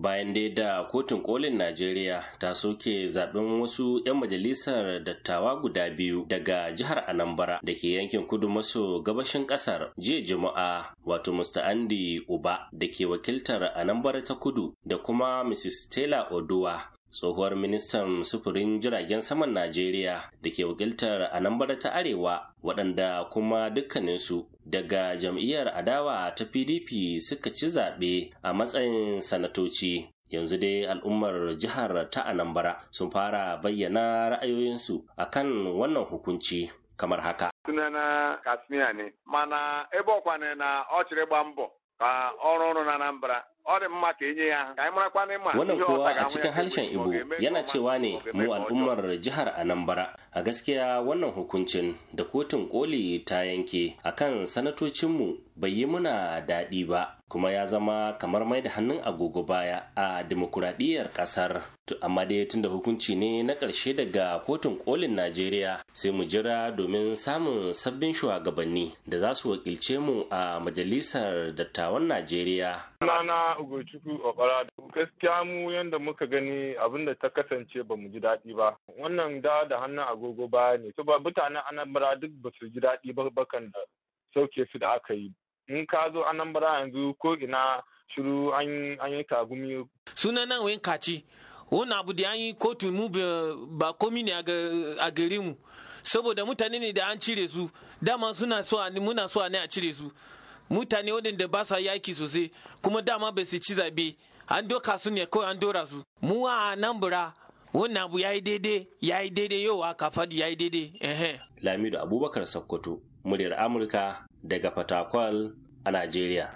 bayan dai da kotun kolin najeriya ta soke zaben wasu 'yan majalisar dattawa guda biyu daga jihar anambra da ke yankin kudu maso gabashin kasar jiya juma'a wato mr andy uba da ke wakiltar anambra ta kudu da kuma mrs taylor oduwa tsohuwar ministan sufurin jiragen saman najeriya da ke wakiltar nan ta arewa waɗanda kuma dukkaninsu daga jam'iyyar adawa ta pdp suka ci zaɓe a matsayin sanatoci yanzu dai al'ummar jihar ta anambra sun fara bayyana ra'ayoyinsu a kan wannan hukunci kamar haka sunana kasmiya ne mana ebe ọkwa na ọ chịrị ka ọrụ ọrụ na anambra ọ e wannan kuwa a cikin e harshen ibo yana cewa ne mu al'ummar jihar Anambra a gaskiya wannan hukuncin da kotun koli ta yanke akan sanatocinmu bai yi muna daɗi ba kuma ya zama kamar mai da hannun agogo baya a demokuraɗiyyar ƙasar. Amma dai tun da hukunci ne na ƙarshe daga kotun kolin Najeriya sai mu jira domin samun sabbin shugabanni da za su wakilce mu a majalisar dattawan Najeriya. Sunana Ugochukwu da gaskiya mu yadda muka gani abin da ta kasance ba mu ji daɗi ba. Wannan da da hannun agogo baya ne. Mutanen Anambra duk ba su ji daɗi ba bakan da sauke su da aka yi in ka zo anambra yanzu ko ina shiru an yi tagumi sunan nan wayin kaci wani abu da an yi kotu mu ba komi ne a gari mu saboda mutane ne da an cire su dama suna so muna so ne a cire su mutane waɗanda ba sa yaki sosai kuma dama ba su ci zabe an doka su ne kawai an dora su mu a nan bura wannan abu yi daidai yayi daidai yau a aka faɗi yi daidai lamidu lamido abubakar sokoto muryar amurka daga Fatakwal a Najeriya.